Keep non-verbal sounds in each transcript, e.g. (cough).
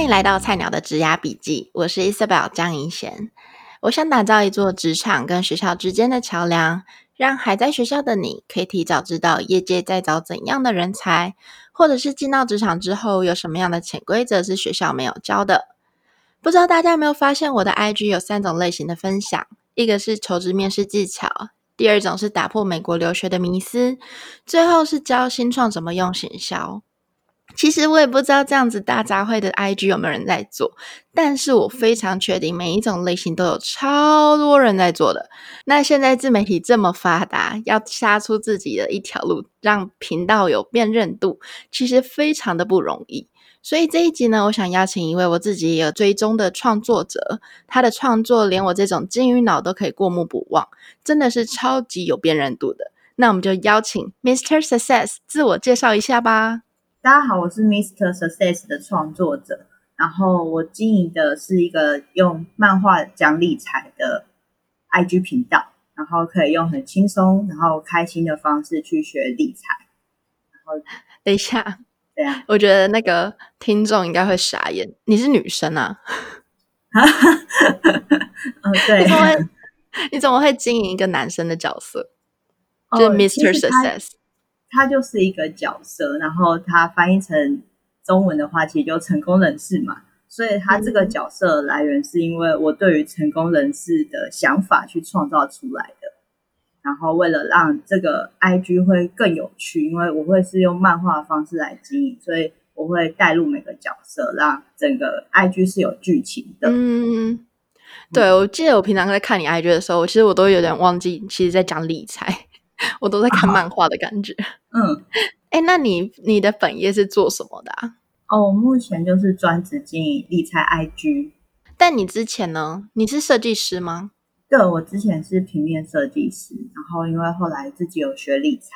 歡迎來到菜鳥的職涯筆記，我是 Isabelle 江銀賢。我想打造一座職場跟學校之間的橋樑，讓還在學校的你可以提早知道業界在找怎樣的人才，或者是進到職場之後有什麼樣的潛規則是學校沒有教的。不知道大家有沒有發現，我的 IG 有三種類型的分享：一個是求職面試技巧，第二種是打破美國留學的迷思，最後是教新創怎麼用行銷。其實我也不知道這樣子大雜燴的 IG 有沒有人在做，但是我非常確定每一種類型都有超多人在做的。那現在自媒體這麼發達，要殺出自己的一條路，讓頻道有辨認度，其實非常的不容易。所以這一集呢，我想邀請一位我自己也有追蹤的創作者，他的創作連我這種金魚腦都可以過目不忘，真的是超級有辨認度的。那我們就邀請 Mr. Success 自我介紹一下吧。大家好，我是 Mr. Success 的創作者，然後我經營的是一個用漫畫講理財的 IG 頻道，然後可以用很輕鬆、然後開心的方式去學理財。然後，等一下，對啊、我覺得那個聽眾應該會傻眼，你是女生啊？哈哈哈哈哈！對，你怎麼會？你怎麼會經營一個男生的角色？Oh, 就 Mr. Success。它就是一個角色，然後它翻譯成中文的話，其實就成功人士嘛。所以他這個角色來源是因為我對於成功人士的想法去創造出來的。然後為了讓這個 IG 會更有趣，因為我會是用漫畫的方式來經營，所以我會帶入每個角色，讓整個 IG 是有劇情的。嗯，對，我記得我平常在看你 IG 的時候，其實我都有點忘記，其實在講理財。 (laughs) 我都在看漫畫的感覺，哦、嗯，哎、欸，那你你的本業是做什麼的啊？哦，目前就是專職經營理財 IG。但你之前呢？你是設計師嗎？對，我之前是平面設計師，然後因為後來自己有學理財，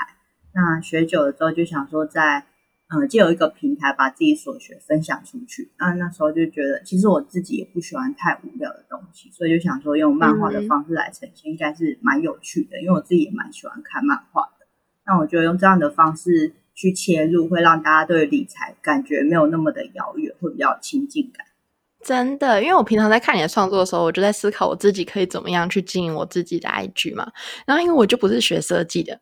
那學久了之後就想說在。呃、嗯，藉由一個平台把自己所學分享出去。那那時候就覺得，其實我自己也不喜歡太無聊的東西，所以就想說用漫畫的方式來呈現，應、嗯、該是蠻有趣的。因為我自己也蠻喜歡看漫畫的。那、嗯、我覺得用這樣的方式去切入，會讓大家對理財感覺沒有那麼的遙遠，會比較有親近感。真的，因為我平常在看你的創作的時候，我就在思考我自己可以怎麼樣去經營我自己的 IG 嘛。然後，因為我就不是學設計的，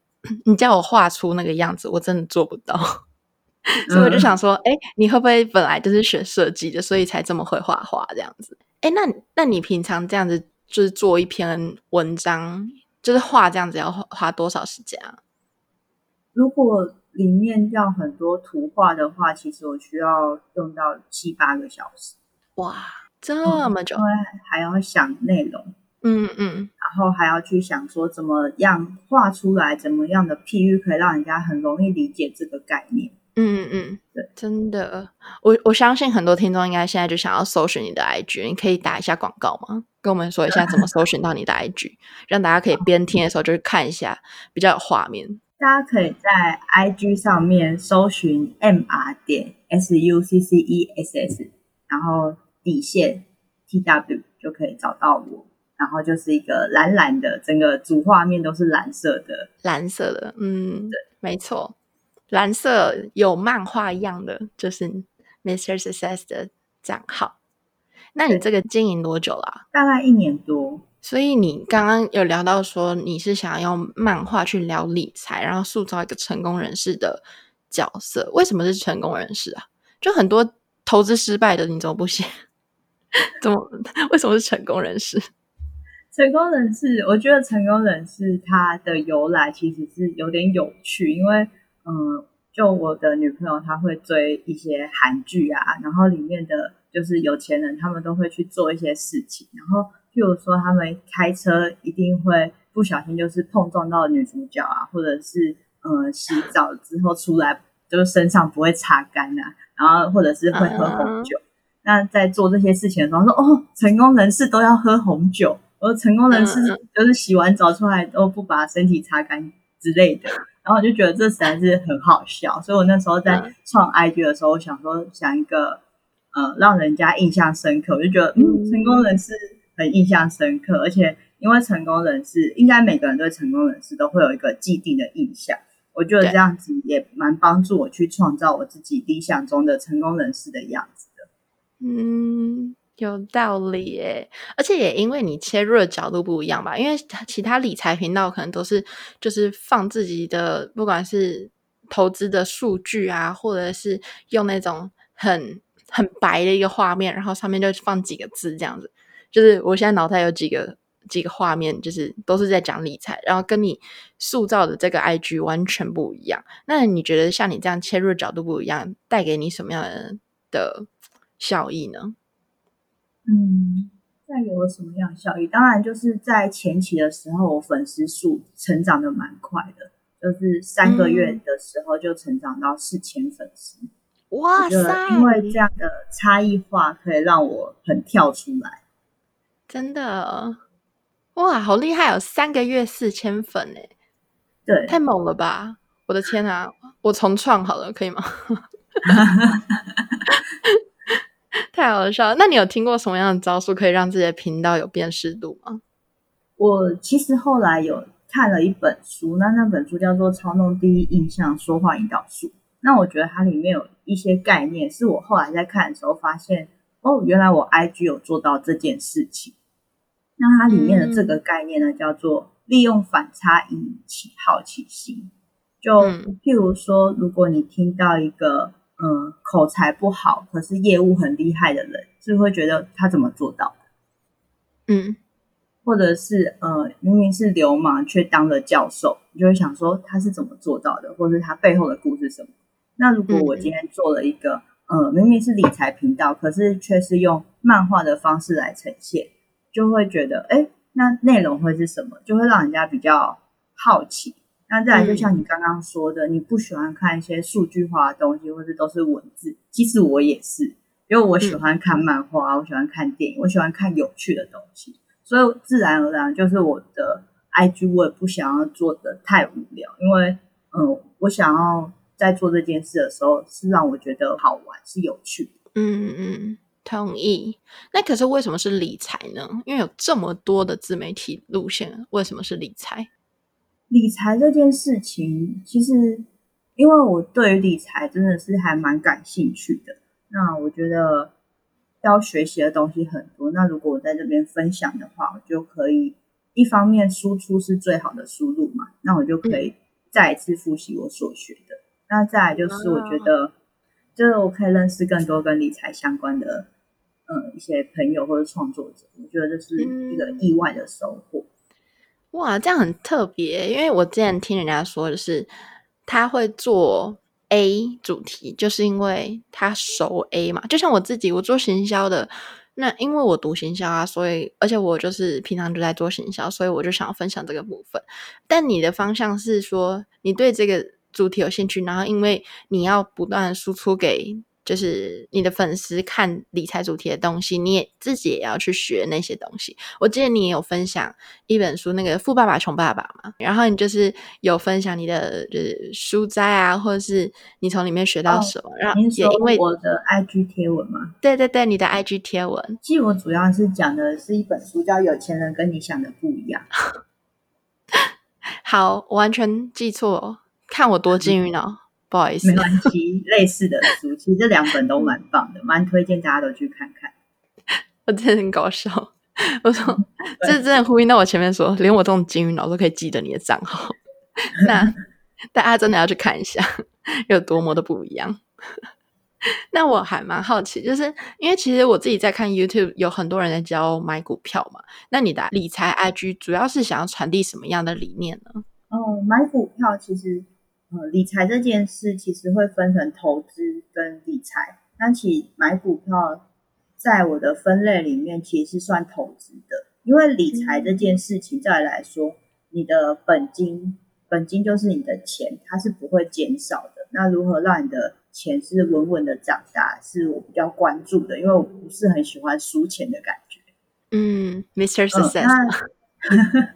你叫我畫出那個樣子，我真的做不到。 (laughs) 所以我就想說，哎、嗯欸，你會不會本來就是學設計的，所以才這麼會畫畫這樣子？哎、欸，那那你平常這樣子就是做一篇文章，就是畫這樣子要，要花多少時間啊？如果裡面要很多圖畫的話，其實我需要用到七八個小時。哇，這麼久！嗯、因為還要想內容，嗯嗯，然後還要去想說怎麼樣畫出來，怎麼樣的譬喻可以讓人家很容易理解這個概念。嗯嗯嗯，真的，我我相信很多聽眾應該現在就想要搜尋你的 IG，你可以打一下廣告嗎？跟我們說一下怎麼搜尋到你的 IG， (laughs) 讓大家可以邊聽的時候就是看一下比較有畫面。大家可以在 IG 上面搜尋 M R 點 S U C C E S S，然後底線 T W 就可以找到我，然後就是一個藍藍的，整個主畫面都是藍色的，藍色的，嗯，對，沒錯。藍色有漫畫一樣的，就是 Mr. Success 的賬號。那你這個經營多久了啊？大概一年多。所以你剛剛有聊到說你是想要用漫畫去聊理財，然後塑造一個成功人士的角色。為什麼是成功人士啊？就很多投資失敗的，你怎麼不寫？怎麼？為什麼是成功人士？成功人士，我覺得成功人士他的由來其實是有點有趣，因為嗯。就我的女朋友，她會追一些韓劇啊，然後裡面的就是有錢人，他們都會去做一些事情，然後譬如說他們開車一定會不小心就是碰撞到女主角啊，或者是呃洗澡之後出來就是身上不會擦乾啊，然後或者是會喝紅酒。Uh-huh. 那在做這些事情的時候說，說哦，成功人士都要喝紅酒，我說成功人士都是洗完澡出來都不把身體擦乾之類的。然後我就覺得這實在是很好笑，所以我那時候在創 IG 的時候，我想說想一個，嗯、呃，讓人家印象深刻，我就覺得，嗯，成功人士很印象深刻，而且因為成功人士，應該每個人對成功人士都會有一個既定的印象，我覺得這樣子也蠻幫助我去創造我自己理想中的成功人士的樣子的，嗯。有道理耶，而且也因為你切入的角度不一樣吧，因為其他理財頻道可能都是就是放自己的，不管是投資的數據啊，或者是用那種很很白的一個畫面，然後上面就放幾個字這樣子。就是我現在腦袋有幾個幾個畫面，就是都是在講理財，然後跟你塑造的這個 IG 完全不一樣。那你覺得像你這樣切入的角度不一樣，帶給你什麼樣的的效益呢？嗯，那有了什麼樣的效益？當然就是在前期的時候，我粉絲數成長的蠻快的，就是三個月的時候就成長到四千粉絲。哇、嗯，三，因為這樣的差異化可以讓我很跳出來，真的。哇，好厲害、哦，有三個月四千粉哎、欸！對，太猛了吧！我的天啊，我重創好了，可以嗎？ (laughs) (laughs) (laughs) 太好笑了！那你有聽過什麼樣的招數可以讓自己的頻道有辨識度嗎？我其實後來有看了一本書，那那本書叫做《操弄第一印象說話引導術》。那我覺得它裡面有一些概念，是我後來在看的時候發現，哦，原來我 IG 有做到這件事情。那它裡面的這個概念呢，叫做利用反差引起好奇心。就譬如說，如果你聽到一個。嗯，口才不好，可是業務很厲害的人，就會覺得他怎麼做到的？嗯，或者是呃，明明是流氓，卻當了教授，你就會想說他是怎麼做到的，或是他背後的故事什麼？那如果我今天做了一個，呃，明明是理財頻道，可是卻是用漫畫的方式來呈現，就會覺得，哎，那內容會是什麼？就會讓人家比較好奇。那再來，就像你剛剛說的、嗯，你不喜歡看一些數據化的東西，或者都是文字。其實我也是，因為我喜歡看漫畫、嗯，我喜歡看電影，我喜歡看有趣的東西，所以自然而然就是我的 IG，我也不想要做的太無聊。因為，嗯，我想要在做這件事的時候，是讓我覺得好玩，是有趣的。嗯嗯，同意。那可是為什麼是理財呢？因為有這麼多的自媒體路線，為什麼是理財？理財這件事情，其實因為我對於理財真的是還蠻感興趣的。那我覺得要學習的東西很多。那如果我在這邊分享的話，我就可以一方面輸出是最好的輸入嘛。那我就可以再一次複習我所學的、嗯。那再來就是我覺得，就是我可以認識更多跟理財相關的呃、嗯、一些朋友或者創作者。我覺得這是一個意外的收穫。嗯哇，這樣很特別，因為我之前聽人家說的是，是他會做 A 主題，就是因為他熟 A 嘛。就像我自己，我做行銷的，那因為我讀行銷啊，所以而且我就是平常就在做行銷，所以我就想分享這個部分。但你的方向是說，你對這個主題有興趣，然後因為你要不斷輸出給，就是你的粉絲看理財主題的東西，你也自己也要去學那些東西。我記得你也有分享一本書，那個《富爸爸窮爸爸》嘛。然後你就是有分享你的就是書摘啊，或者是你從裡面學到什麼，讓、哦、寫，然後因為我的 IG 貼文嘛。對對對，你的 IG 貼文，記我主要是講的是一本書叫《有錢人跟你想的不一樣》 (laughs) 好，我完全記錯、哦，看我多幸運哦。嗯不好意思，沒關係。 (laughs) 類似的書，其實這兩本都蠻棒的， (laughs) 蠻推薦大家都去看看。我真的很搞笑，我說這、 (laughs) 就是、真的很呼應到我前面說，連我這種金魚腦都可以記得你的賬號。 (laughs) 那大家真的要去看一下，有多麼的不一樣。 (laughs) 那我還蠻好奇，就是因為其實我自己在看 YouTube，有很多人在教買股票嘛。那你的理財 IG 主要是想要傳遞什麼樣的理念呢？哦，買股票其實。嗯，理財這件事其實會分成投資跟理財。但其實買股票，在我的分類裡面，其實是算投資的。因為理財這件事情，再來說，你的本金，本金就是你的錢，它是不會減少的。那如何讓你的錢是穩穩的長大，是我比較關注的，因為我不是很喜歡輸錢的感覺。嗯，Mr. Success。 (laughs)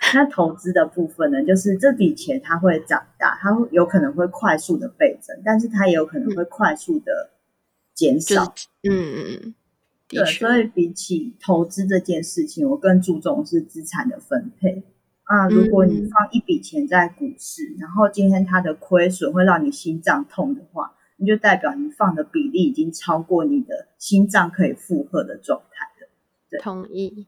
(laughs) 那投資的部分呢，就是這筆錢它會長大，它有可能會快速的倍增，但是它也有可能會快速的減少。嗯，就是，嗯，對。所以比起投資這件事情，我更注重的是資產的分配啊。如果你放一筆錢在股市，嗯，然後今天它的虧損會讓你心臟痛的話，你就代表你放的比例已經超過你的心臟可以負荷的狀態了，對。同意。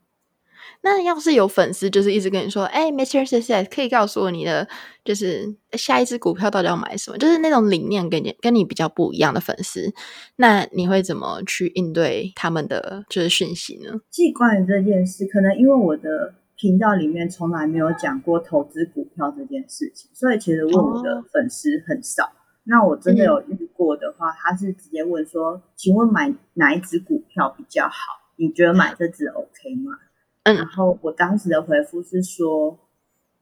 那要是有粉絲就是一直跟你說，哎、欸、，Mr. Success 可以告訴我你的就是下一支股票到底要買什麼？就是那種理念跟你跟你比較不一樣的粉絲，那你會怎麼去應對他們的就是訊息呢？既關於這件事，可能因為我的頻道裡面從來沒有講過投資股票這件事情，所以其實問我、哦、我的粉絲很少。那我真的有遇過的話，他是直接問說，嗯、請問買哪一支股票比較好？你覺得買這支 OK 嗎？嗯、然後我當時的回復是說，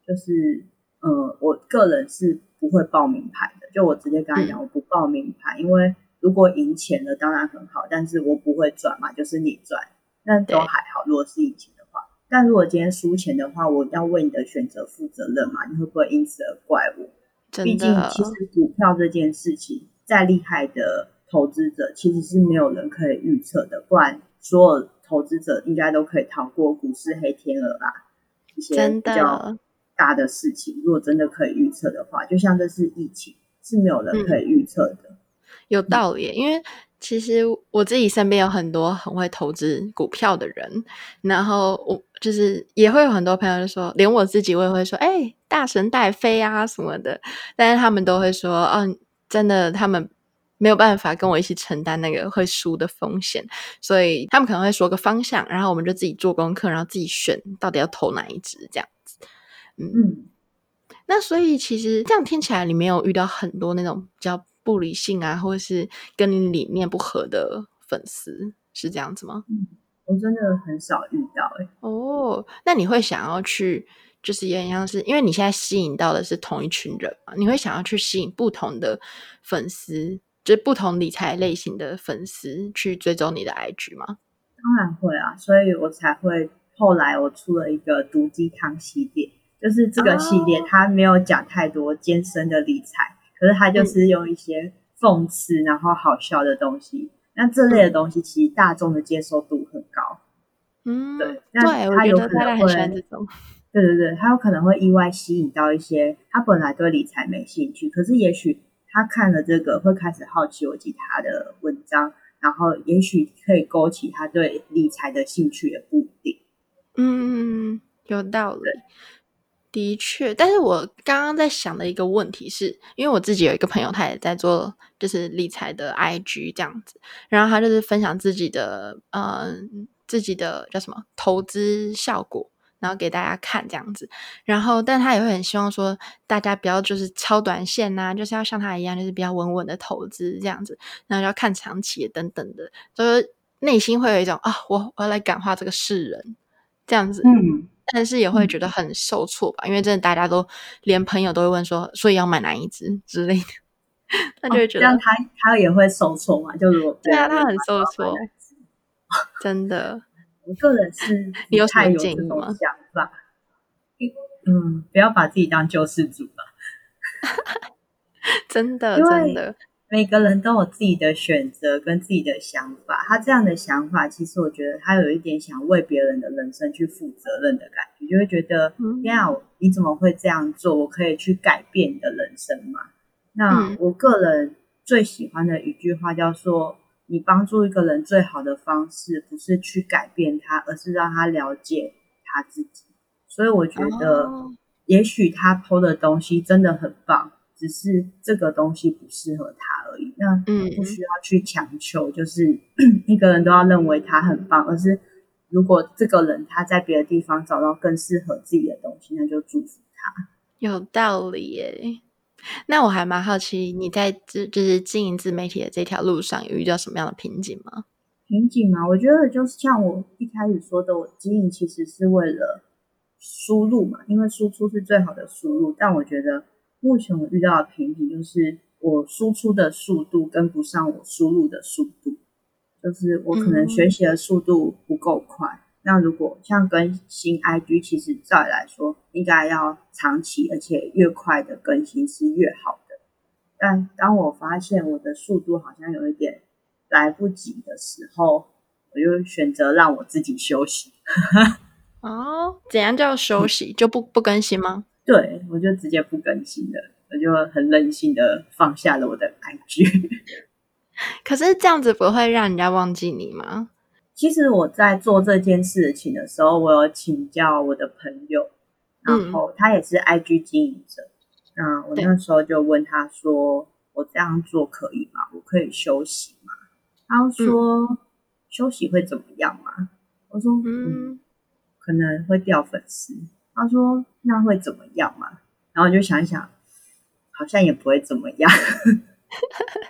就是，呃，我個人是不會報明牌的，就我直接跟他講，我不報明牌，嗯、因為如果贏錢了當然很好，但是我不會賺嘛，就是你賺，那都還好。如果是贏錢的話，但如果今天輸錢的話，我要為你的選擇負責任嘛，你會不會因此而怪我？畢竟，其實股票這件事情，再厲害的投資者，其實是沒有人可以預測的，不然所有。投資者應該都可以逃過股市黑天鵝吧？真的大的事情的，如果真的可以預測的話，就像這次疫情，是沒有人可以預測的、嗯。有道理、嗯，因為其實我自己身邊有很多很會投資股票的人，然後我就是也會有很多朋友就說，連我自己我也會說，哎、欸，大神帶飛啊什麼的，但是他們都會說，嗯、哦，真的他們。沒有辦法跟我一起承擔那個會輸的風險，所以他們可能會說個方向，然後我們就自己做功課，然後自己選到底要投哪一支這樣子嗯。嗯，那所以其實這樣聽起來，你沒有遇到很多那種比較不理性啊，或者是跟你理念不合的粉絲是這樣子嗎？嗯，我真的很少遇到哎，欸。哦，那你會想要去，就是也像是因為你現在吸引到的是同一群人嘛，你會想要去吸引不同的粉絲。就不同理財類型的粉絲去追蹤你的 IG 嗎？當然會啊，所以我才會，後來我出了一個毒雞湯系列，就是這個系列，它沒有講太多艱深的理財，哦、可是它就是用一些諷刺、嗯、然後好笑的東西，那這類的東西其實大眾的接受度很高。嗯，對，那他有可能會，對這種對，對對，他有可能會意外吸引到一些他本來對理財沒興趣，可是也許。他看了這個，會開始好奇我其他的文章，然後也許可以勾起他對理財的興趣的不一定。嗯，有道理，的確。但是我剛剛在想的一個問題是，是因為我自己有一個朋友，他也在做，就是理財的 IG 這樣子，然後他就是分享自己的，嗯、呃、自己的叫什麼投資效果。然後給大家看這樣子，然後但他也會很希望說，大家不要就是超短線吶、啊，就是要像他一樣，就是比較穩穩的投資這樣子，然後要看長期等等的。就是內心會有一種啊，我我要來感化這個世人這樣子，嗯，但是也會覺得很受挫吧，嗯、因為真的大家都連朋友都會問說，所以要買哪一只之類的， (laughs) 他就會覺得、哦、這樣他他也會受挫嘛，就是對、對啊，他很受挫， (laughs) 真的。我個人是不太有這種想法，嗯，不要把自己當救世主了， (laughs) 真的，真的，每個人都有自己的選擇跟自己的想法。他這樣的想法，其實我覺得他有一點想為別人的人生去負責任的感覺，就會覺得、嗯，你怎麼會這樣做？我可以去改變你的人生嗎？那我個人最喜歡的一句話叫做。你幫助一個人最好的方式，不是去改變他，而是讓他了解他自己。所以我覺得，也許他 po 的東西真的很棒，只是這個東西不適合他而已。那不需要去強求、嗯，就是一個人都要認為他很棒。而是如果這個人他在別的地方找到更適合自己的東西，那就祝福他。有道理耶。那我還蠻好奇，你在自、就是、就是經營自媒體的這條路上，有遇到什麼樣的瓶頸嗎？瓶頸嗎、啊？我覺得就是像我一開始說的，我經營其實是為了輸入嘛，因為輸出是最好的輸入。但我覺得目前我遇到的瓶頸就是我輸出的速度跟不上我輸入的速度，就是我可能學習的速度不夠快。嗯那如果像更新 IG，其實照理來說，應該要長期，而且越快的更新是越好的。但當我發現我的速度好像有一點來不及的時候，我就選擇讓我自己休息。哦，怎樣叫休息？ (laughs) 就不不更新嗎？對，我就直接不更新了，我就很任性的放下了我的 IG。可是這樣子不會讓人家忘記你嗎？其實我在做這件事情的時候，我有請教我的朋友，然後他也是 IG 經營者，嗯。那我那時候就問他說：“我這樣做可以嗎？我可以休息嗎？”他說，嗯：“休息會怎麼樣嘛？”我說，嗯：“嗯，可能會掉粉絲。”他說：“那會怎麼樣嘛？”然後我就想一想，好像也不會怎麼樣。 (laughs)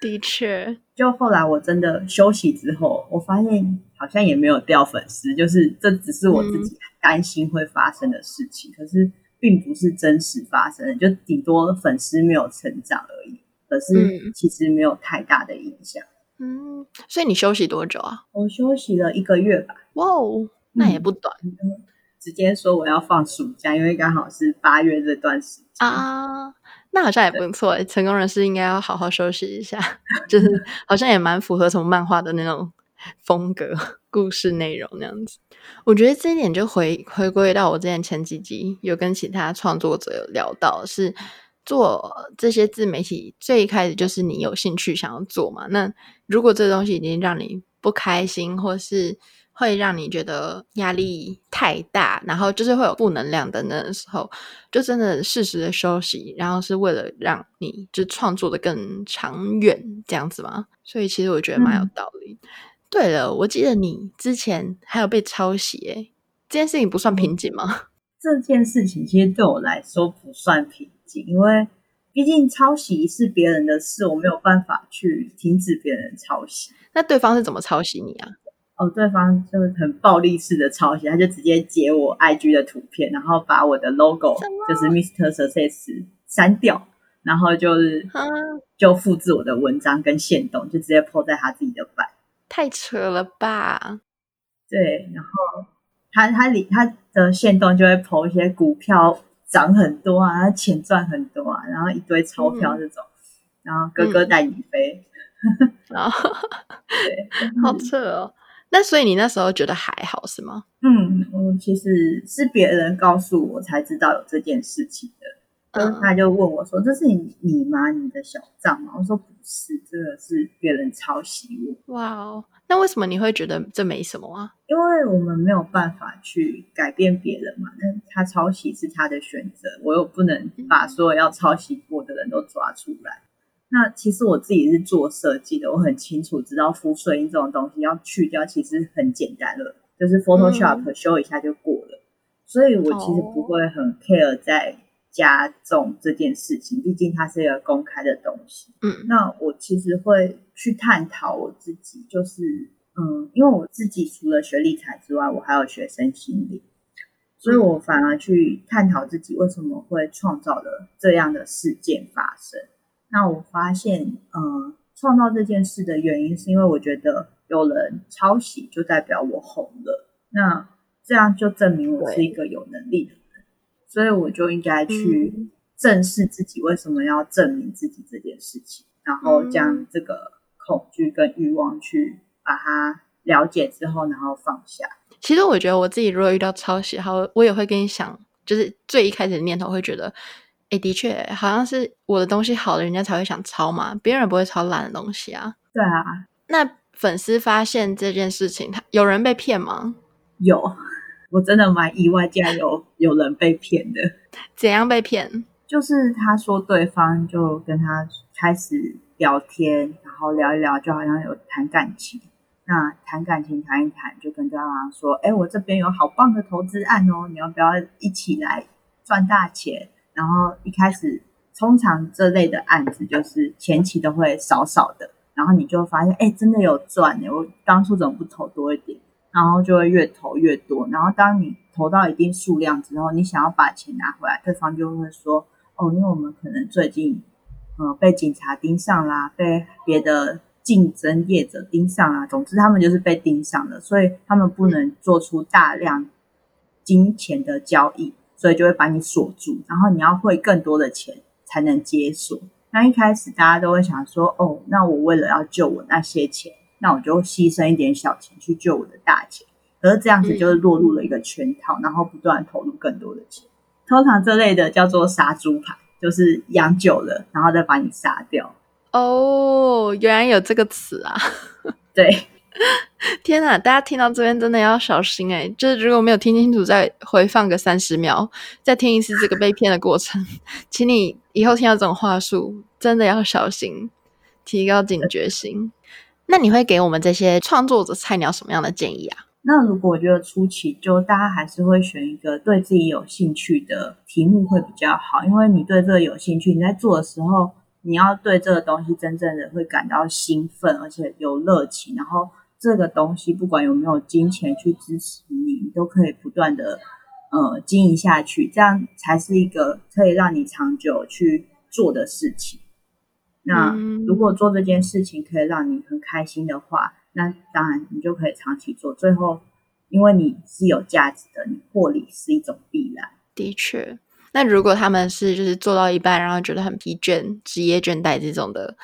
的確，就後來我真的休息之後，我發現好像也沒有掉粉絲，就是這只是我自己擔心會發生的事情，嗯，可是並不是真實發生的，就頂多粉絲沒有成長而已，可是其實沒有太大的影響，嗯。嗯，所以你休息多久啊？我休息了一個月吧。哇、哦，那也不短，嗯嗯。直接說我要放暑假，因為剛好是八月這段時間啊。那好像也不錯欸，成功人士應該要好好收拾一下，就是好像也蠻符合從漫畫的那種風格、故事內容那樣子。我覺得這一點就回回歸到我之前前幾集有跟其他創作者有聊到，是做這些自媒體最一開始就是你有興趣想要做嘛？那如果這東西已經讓你不開心，或是會讓你覺得壓力太大，然後就是會有負能量等等的那種時候，就真的適時的休息，然後是為了讓你就創作得更長遠這樣子嗎？所以其實我覺得蠻有道理。嗯、對了，我記得你之前還有被抄襲哎，這件事情不算瓶頸嗎？這件事情其實對我來說不算瓶頸，因為畢竟抄襲是別人的事，我沒有辦法去停止別人抄襲。那對方是怎麼抄襲你啊？哦，對方就很暴力式的抄襲，他就直接截我 IG 的圖片，然後把我的 logo 就是 Mr. Success 刪掉，然後就是就複製我的文章跟限動，就直接 po 在他自己的版。太扯了吧？對，然後他他裡他，他的限動就會 po 一些股票漲很多啊，他錢賺很多啊，然後一堆鈔票這種，嗯、然後哥哥帶你飛，嗯 (laughs) 哦、然後對，好扯哦。那所以你那時候覺得還好是嗎？嗯，我、嗯、其實是別人告訴我才知道有這件事情的。嗯，他就問我說：“這是你你媽你的小賬嗎？”我說：“不是，這個是別人抄襲我。”哇哦！那為什麼你會覺得這沒什麼啊？因為我們沒有辦法去改變別人嘛。那他抄襲是他的選擇，我又不能把所有要抄襲我的人都抓出來。那其實我自己是做設計的，我很清楚知道浮水印這種東西要去掉，其實很簡單了，就是 Photoshop 修一下就過了。嗯、所以，我其實不會很 care 在加重這，這件事情、哦，畢竟它是一個公開的東西。嗯，那我其實會去探討我自己，就是嗯，因為我自己除了學理財之外，我還有學生心理，所以，我反而去探討自己為什麼會創造了這樣的事件發生。那我發現，呃，創造這件事的原因是因為我覺得有人抄襲就代表我紅了，那這樣就證明我是一個有能力的人，所以我就應該去正視自己為什麼要證明自己這件事情，嗯、然後將這個恐懼跟慾望去把它了解之後，然後放下。其實我覺得我自己如果遇到抄襲，好，我也會跟你想，就是最一開始的念頭會覺得。哎，的確，好像是我的東西好了，人家才會想抄嘛。別人也不會抄爛的東西啊。對啊。那粉絲發現這件事情，他有人被騙嗎？有，我真的蠻意外有，竟然有有人被騙的。怎樣被騙？就是他說對方就跟他開始聊天，然後聊一聊，就好像有談感情。那談感情談一談，就跟對方說：“哎，我這邊有好棒的投資案哦，你要不要一起來賺大錢？”然後一開始，通常這類的案子就是前期都會少少的，然後你就發現，哎，真的有賺的，我當初怎麼不投多一點？然後就會越投越多。然後當你投到一定數量之後，你想要把錢拿回來，對方就會說，哦，因為我們可能最近，呃，被警察盯上啦，被別的競爭業者盯上啦，總之他們就是被盯上了，所以他們不能做出大量金錢的交易。所以就會把你鎖住，然後你要匯更多的錢才能解鎖。那一開始大家都會想說，哦，那我為了要救我那些錢，那我就犧牲一點小錢去救我的大錢。可是這樣子就是落入了一個圈套，嗯、然後不斷投入更多的錢。通常這類的叫做“殺豬盤”，就是養久了，然後再把你殺掉。哦，原來有這個詞啊！ (laughs) 對。 (laughs) 天哪！大家聽到這邊真的要小心哎、欸，就是如果沒有聽清楚，再回放個三十秒，再聽一次這個被騙的過程。請你以後聽到這種話術，真的要小心，提高警覺性。 (laughs) 那你會給我們這些創作者菜鳥什麼樣的建議啊？那如果我覺得初期就大家還是會選一個對自己有興趣的題目會比較好，因為你對這個有興趣，你在做的時候，你要對這個東西真正的會感到興奮，而且有熱情，然後。這個東西不管有沒有金錢去支持你，你都可以不斷地，呃，經營下去，這樣才是一個可以讓你長久去做的事情。那如果做這件事情可以讓你很開心的話，嗯，那當然你就可以長期做。最後，因為你是有價值的，你獲利是一種必然。的確，那如果他們是就是做到一半，然後覺得很疲倦、職業倦怠這種的。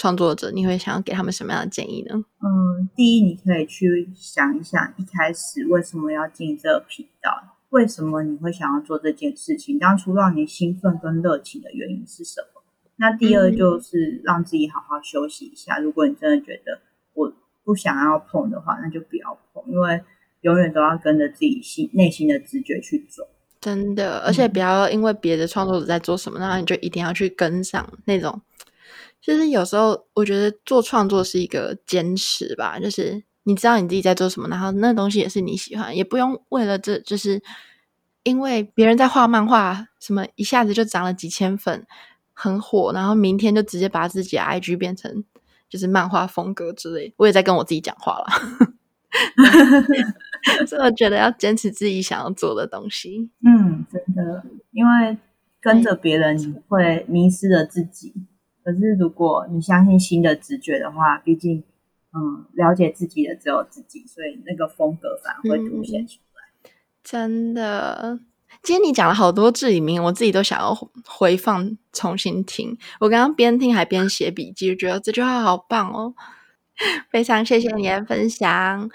創作者，你會想要給他們什麼樣的建議呢？嗯，第一，你可以去想一想，一開始為什麼要進這個頻道？為什麼你會想要做這件事情？當初讓你興奮跟熱情的原因是什麼？那第二就是讓自己好好休息一下。嗯、如果你真的覺得我不想要碰的話，那就不要碰，因為永遠都要跟着自己心內心的直覺去做。真的，而且不要因為別的創作者在做什麼，嗯、什麼那你就一定要去跟上那種。其實有時候我覺得做創作是一個堅持吧，就是你知道你自己在做什麼，然後那東西也是你喜歡，也不用為了這，就是因為別人在畫漫畫，什麼一下子就漲了幾千粉，很火，然後明天就直接把自己的 IG 變成就是漫畫風格之類，我也在跟我自己講話了。 (laughs) (laughs) (laughs) 所以我覺得要堅持自己想要做的東西，嗯，真的，因為跟着別人你會迷失了自己。可是，如果你相信心的直覺的話，畢竟，嗯，了解自己的只有自己，所以那個風格反而會凸顯出來。真的，今天你講了好多字裡面，我自己都想要回放重新聽。我剛剛邊聽還邊寫筆記，我覺得這句話好棒哦！非常謝謝你的分享。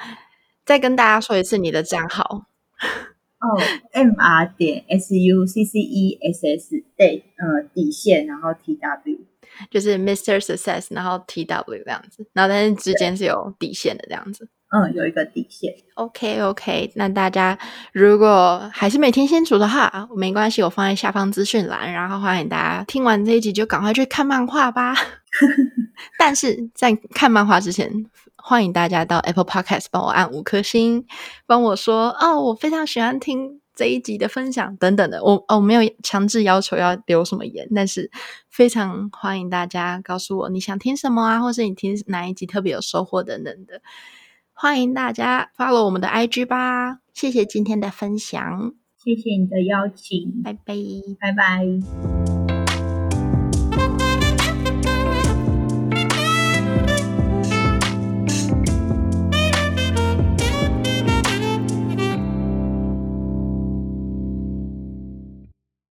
再跟大家說一次你的賬號，哦 m r 點 s u c c e s s d a 呃，底線，然後 t w。就是 Mr. Success，然後 TW 這樣子，然後但是之間是有底線的這樣子，嗯，有一個底線。OK OK，那大家如果還是沒聽清楚的話，沒關係，我放在下方資訊欄，然後歡迎大家聽完這一集就趕快去看漫畫吧。 (laughs) 但是在看漫畫之前，歡迎大家到 Apple Podcast 幫我按五顆星，幫我說哦，我非常喜歡聽。這一集的分享等等的，我我沒有強制要求要留什麼言，但是非常歡迎大家告訴我你想聽什麼啊，或是你聽哪一集特別有收穫等等的，歡迎大家 follow 我們的 IG 吧，謝謝今天的分享，謝謝你的邀請，拜拜，拜拜。